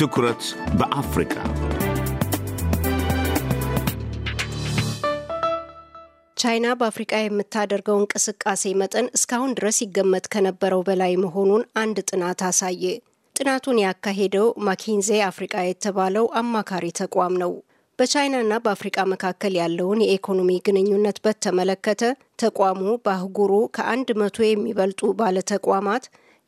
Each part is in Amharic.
ትኩረት በአፍሪካ ቻይና በአፍሪቃ የምታደርገው እንቅስቃሴ መጠን እስካሁን ድረስ ይገመት ከነበረው በላይ መሆኑን አንድ ጥናት አሳየ። ጥናቱን ያካሄደው ማኪንዜ አፍሪቃ የተባለው አማካሪ ተቋም ነው። በቻይናና በአፍሪቃ መካከል ያለውን የኢኮኖሚ ግንኙነት በተመለከተ ተቋሙ በአህጉሩ ከአንድ መቶ የሚበልጡ ባለተቋማት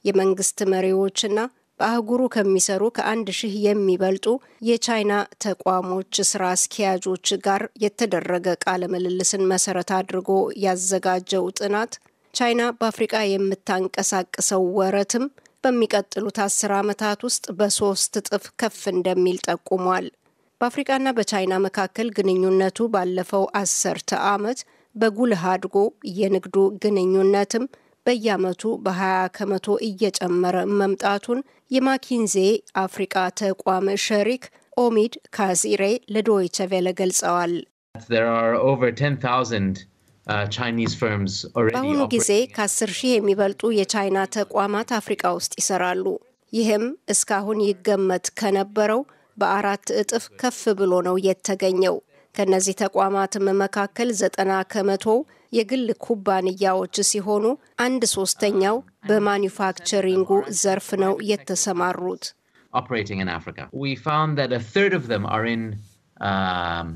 የመንግስት መሪዎችና በአህጉሩ ከሚሰሩ ከአንድ ሺህ የሚበልጡ የቻይና ተቋሞች ስራ አስኪያጆች ጋር የተደረገ ቃለ ምልልስን መሰረት አድርጎ ያዘጋጀው ጥናት ቻይና በአፍሪቃ የምታንቀሳቅሰው ወረትም በሚቀጥሉት አስር ዓመታት ውስጥ በሶስት እጥፍ ከፍ እንደሚል ጠቁሟል። በአፍሪቃና በቻይና መካከል ግንኙነቱ ባለፈው አስርተ ዓመት በጉልህ አድጎ የንግዱ ግንኙነትም በየዓመቱ በ20 ከመቶ እየጨመረ መምጣቱን የማኪንዜ አፍሪቃ ተቋም ሸሪክ ኦሚድ ካዚሬ ለዶይቸ ቬለ ገልጸዋል። uh, በአሁኑ ጊዜ ከ10 ሺህ የሚበልጡ የቻይና ተቋማት አፍሪቃ ውስጥ ይሰራሉ። ይህም እስካሁን ይገመት ከነበረው በአራት እጥፍ ከፍ ብሎ ነው የተገኘው። ከእነዚህ ተቋማትም መካከል ዘጠና ከመቶ የግል ኩባንያዎች ሲሆኑ አንድ ሶስተኛው በማኒፋክቸሪንጉ ዘርፍ ነው የተሰማሩት። um,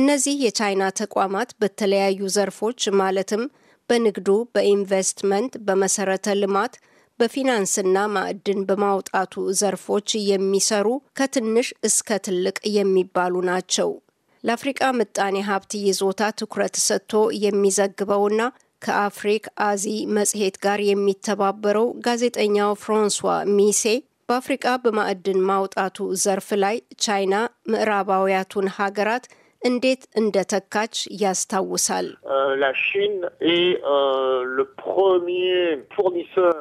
እነዚህ የቻይና ተቋማት በተለያዩ ዘርፎች ማለትም በንግዱ፣ በኢንቨስትመንት፣ በመሰረተ ልማት በፊናንስና ማዕድን በማውጣቱ ዘርፎች የሚሰሩ ከትንሽ እስከ ትልቅ የሚባሉ ናቸው። ለአፍሪቃ ምጣኔ ሀብት ይዞታ ትኩረት ሰጥቶ የሚዘግበውና ከአፍሪክ አዚ መጽሔት ጋር የሚተባበረው ጋዜጠኛው ፍራንሷ ሚሴ በአፍሪቃ በማዕድን ማውጣቱ ዘርፍ ላይ ቻይና ምዕራባውያቱን ሀገራት እንዴት እንደተካች ያስታውሳል። euh, euh,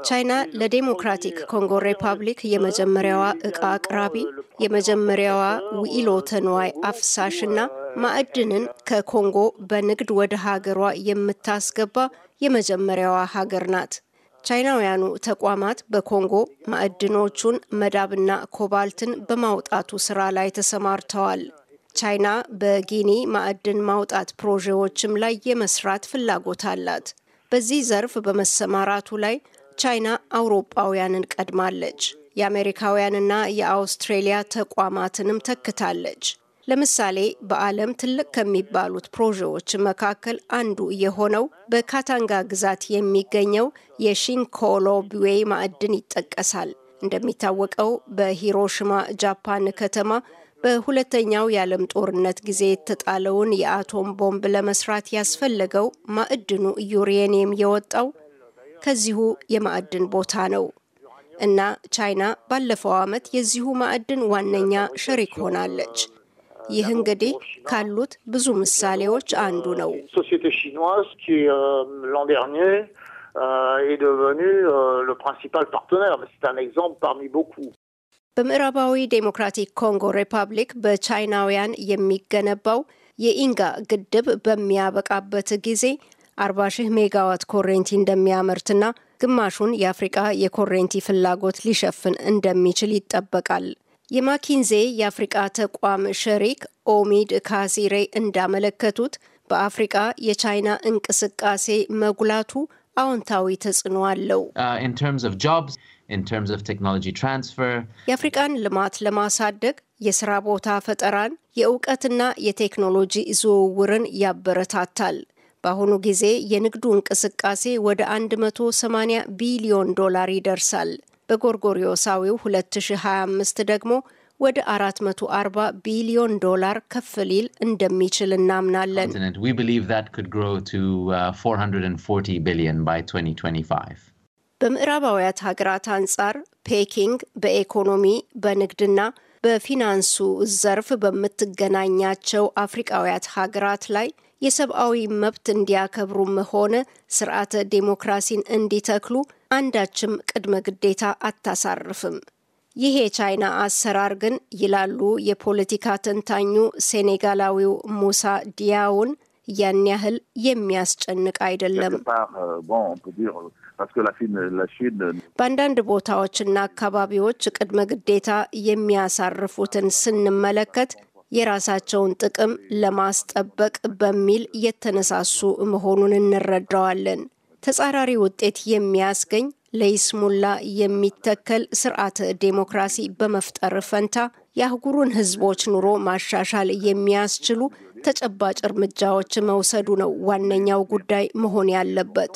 ቻይና ለዴሞክራቲክ ኮንጎ ሪፐብሊክ የመጀመሪያዋ እቃ አቅራቢ፣ የመጀመሪያዋ ውኢሎ ተንዋይ አፍሳሽና ማዕድንን ከኮንጎ በንግድ ወደ ሀገሯ የምታስገባ የመጀመሪያዋ ሀገር ናት። ቻይናውያኑ ተቋማት በኮንጎ ማዕድኖቹን መዳብና ኮባልትን በማውጣቱ ስራ ላይ ተሰማርተዋል። ቻይና በጊኒ ማዕድን ማውጣት ፕሮጀዎችም ላይ የመስራት ፍላጎት አላት። በዚህ ዘርፍ በመሰማራቱ ላይ ቻይና አውሮጳውያንን ቀድማለች። የአሜሪካውያንና የአውስትሬሊያ ተቋማትንም ተክታለች። ለምሳሌ በዓለም ትልቅ ከሚባሉት ፕሮጀዎች መካከል አንዱ የሆነው በካታንጋ ግዛት የሚገኘው የሺንኮሎቢዌ ማዕድን ይጠቀሳል። እንደሚታወቀው በሂሮሽማ ጃፓን ከተማ በሁለተኛው የዓለም ጦርነት ጊዜ የተጣለውን የአቶም ቦምብ ለመስራት ያስፈለገው ማዕድኑ ዩሬኒየም የወጣው ከዚሁ የማዕድን ቦታ ነው እና ቻይና ባለፈው ዓመት የዚሁ ማዕድን ዋነኛ ሸሪክ ሆናለች። ይህ እንግዲህ ካሉት ብዙ ምሳሌዎች አንዱ ነው። est devenu le principal partenaire. C'est un exemple parmi beaucoup. በምዕራባዊ ዴሞክራቲክ ኮንጎ ሪፐብሊክ በቻይናውያን የሚገነባው የኢንጋ ግድብ በሚያበቃበት ጊዜ 40 ሺህ ሜጋዋት ኮሬንቲ እንደሚያመርትና ግማሹን የአፍሪቃ የኮሬንቲ ፍላጎት ሊሸፍን እንደሚችል ይጠበቃል። የማኪንዜ የአፍሪቃ ተቋም ሸሪክ ኦሚድ ካሲሬ እንዳመለከቱት በአፍሪቃ የቻይና እንቅስቃሴ መጉላቱ አዎንታዊ ተጽዕኖ አለው። uh, የአፍሪቃን ልማት ለማሳደግ የስራ ቦታ ፈጠራን፣ የእውቀትና የቴክኖሎጂ ዝውውርን ያበረታታል። በአሁኑ ጊዜ የንግዱ እንቅስቃሴ ወደ 180 ቢሊዮን ዶላር ይደርሳል። በጎርጎሪዮሳዊው 2025 ደግሞ ወደ 440 ቢሊዮን ዶላር ከፍ ሊል እንደሚችል እናምናለን። በምዕራባውያት ሀገራት አንጻር ፔኪንግ በኢኮኖሚ በንግድና በፊናንሱ ዘርፍ በምትገናኛቸው አፍሪቃውያት ሀገራት ላይ የሰብአዊ መብት እንዲያከብሩም ሆነ ስርዓተ ዴሞክራሲን እንዲተክሉ አንዳችም ቅድመ ግዴታ አታሳርፍም። ይህ የቻይና አሰራር ግን ይላሉ የፖለቲካ ተንታኙ ሴኔጋላዊው ሙሳ ዲያውን ያን ያህል የሚያስጨንቅ አይደለም። በአንዳንድ ቦታዎችና አካባቢዎች ቅድመ ግዴታ የሚያሳርፉትን ስንመለከት የራሳቸውን ጥቅም ለማስጠበቅ በሚል የተነሳሱ መሆኑን እንረዳዋለን። ተጻራሪ ውጤት የሚያስገኝ ለይስሙላ የሚተከል ስርዓተ ዴሞክራሲ በመፍጠር ፈንታ የአህጉሩን ሕዝቦች ኑሮ ማሻሻል የሚያስችሉ ተጨባጭ እርምጃዎች መውሰዱ ነው ዋነኛው ጉዳይ መሆን ያለበት።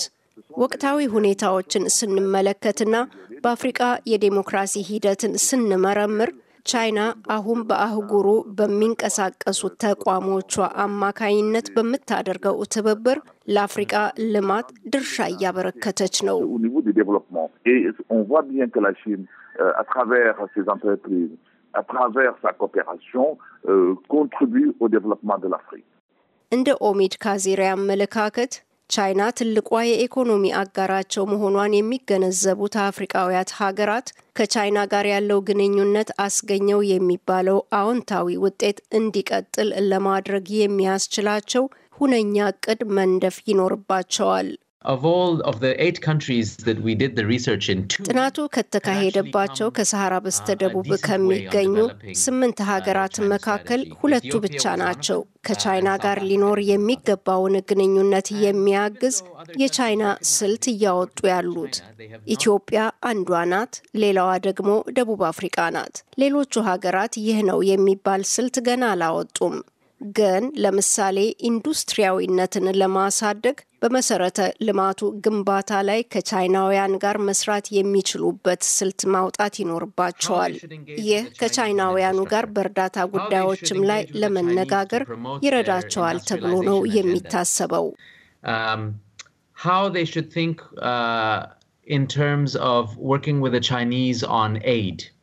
ወቅታዊ ሁኔታዎችን ስንመለከትና በአፍሪቃ የዴሞክራሲ ሂደትን ስንመረምር ቻይና አሁን በአህጉሩ በሚንቀሳቀሱ ተቋሞቿ አማካይነት በምታደርገው ትብብር ለአፍሪቃ ልማት ድርሻ እያበረከተች ነው። euh, euh, እንደ ኦሚድ ካዜራ አመለካከት ቻይና ትልቋ የኢኮኖሚ አጋራቸው መሆኗን የሚገነዘቡት አፍሪቃውያት ሀገራት ከቻይና ጋር ያለው ግንኙነት አስገኘው የሚባለው አዎንታዊ ውጤት እንዲቀጥል ለማድረግ የሚያስችላቸው ሁነኛ እቅድ መንደፍ ይኖርባቸዋል። ጥናቱ ከተካሄደባቸው ከሰሃራ uh, በስተደቡብ ከሚገኙ ስምንት uh, ሀገራት መካከል ሁለቱ ብቻ ናቸው uh, ከቻይና ጋር ሊኖር የሚገባውን ግንኙነት የሚያግዝ የቻይና ስልት እያወጡ ያሉት። ኢትዮጵያ አንዷ ናት፣ ሌላዋ ደግሞ ደቡብ አፍሪቃ ናት። ሌሎቹ ሀገራት ይህ ነው የሚባል ስልት ገና አላወጡም። ግን ለምሳሌ ኢንዱስትሪያዊነትን ለማሳደግ በመሰረተ ልማቱ ግንባታ ላይ ከቻይናውያን ጋር መስራት የሚችሉበት ስልት ማውጣት ይኖርባቸዋል። ይህ ከቻይናውያኑ ጋር በእርዳታ ጉዳዮችም ላይ ለመነጋገር ይረዳቸዋል ተብሎ ነው የሚታሰበው። ን um,